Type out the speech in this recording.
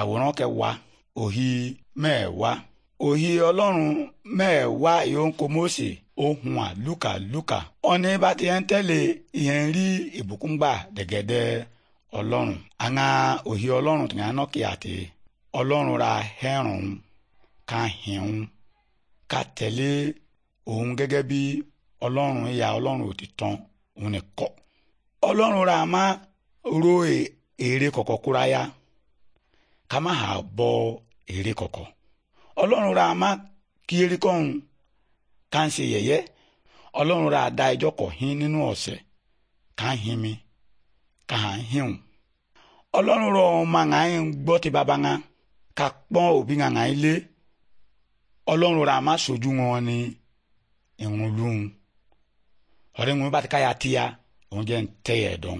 àwòrán kẹwàá òhì mẹ́ẹ̀wá òhì ọlọ́run mẹ́ẹ̀wá ìhónkò Mósè ohun àlùkàlùkà ọ̀ní bá ti ń tẹ̀lé ìyẹn rí ìbùkún dẹ̀gẹ̀dẹ̀ ọlọ́run àná òhì ọlọ́run tó ní anọ́kì àti ọlọ́run ra hẹ́rùn ká hìún ká tẹ̀lé òun gẹ́gẹ́ bí ọlọ́run ìyá ọlọ́run ò ti tán òun nìkọ́ ọlọ́run ra máa ro èrè kọ̀kọ́ kúráyà ka ma ha bọ èrè kọ̀kọ̀ ọlọ́run ra ma kí eré kọ́run ká ń ṣe yẹ̀yẹ́ ọlọ́run ra da ẹjọ́ kọ̀ nínú ọ̀sẹ̀ ká ń hin mi ká ń hìhùn ọlọ́run rọ ọmọ ti bàbá ŋà ká pọ́n òbí ŋà ŋà ń lé ni ya tíya